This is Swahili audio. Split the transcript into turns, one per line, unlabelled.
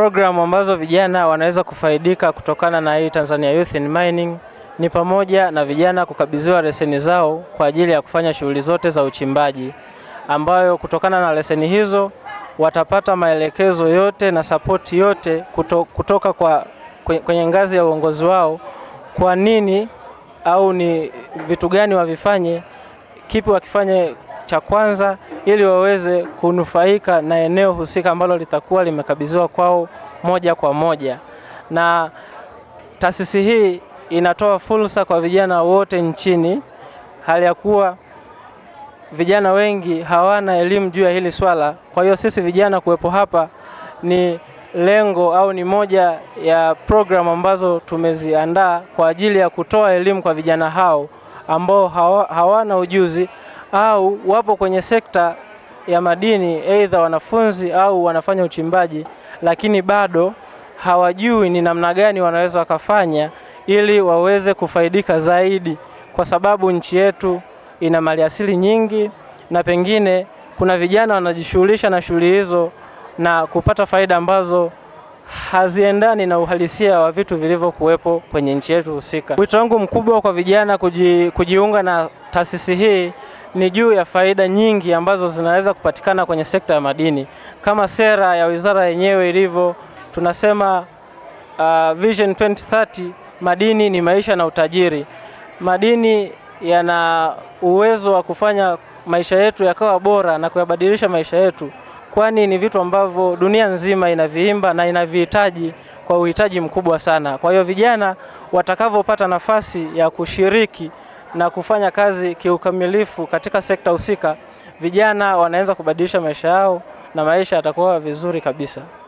Programu ambazo vijana wanaweza kufaidika kutokana na hii Tanzania Youth in Mining ni pamoja na vijana kukabidhiwa leseni zao kwa ajili ya kufanya shughuli zote za uchimbaji, ambayo kutokana na leseni hizo watapata maelekezo yote na sapoti yote kuto, kutoka kwa kwenye ngazi ya uongozi wao, kwa nini au ni vitu gani wavifanye, kipi wakifanye cha kwanza ili waweze kunufaika na eneo husika ambalo litakuwa limekabidhiwa kwao moja kwa moja. Na taasisi hii inatoa fursa kwa vijana wote nchini, hali ya kuwa vijana wengi hawana elimu juu ya hili swala. Kwa hiyo sisi vijana kuwepo hapa ni lengo au ni moja ya programu ambazo tumeziandaa kwa ajili ya kutoa elimu kwa vijana hao ambao hawana ujuzi au wapo kwenye sekta ya madini, aidha wanafunzi au wanafanya uchimbaji, lakini bado hawajui ni namna gani wanaweza wakafanya ili waweze kufaidika zaidi, kwa sababu nchi yetu ina maliasili nyingi na pengine kuna vijana wanajishughulisha na shughuli hizo na kupata faida ambazo haziendani na uhalisia wa vitu vilivyokuwepo kwenye nchi yetu husika. Wito wangu mkubwa kwa vijana kuji, kujiunga na taasisi hii ni juu ya faida nyingi ambazo zinaweza kupatikana kwenye sekta ya madini kama sera ya wizara yenyewe ilivyo. Tunasema uh, Vision 2030 madini ni maisha na utajiri. Madini yana uwezo wa kufanya maisha yetu yakawa bora na kuyabadilisha maisha yetu, kwani ni vitu ambavyo dunia nzima inaviimba na inavihitaji kwa uhitaji mkubwa sana. Kwa hiyo vijana watakavyopata nafasi ya kushiriki na kufanya kazi kiukamilifu katika sekta husika, vijana wanaweza kubadilisha maisha yao na maisha yatakuwa vizuri kabisa.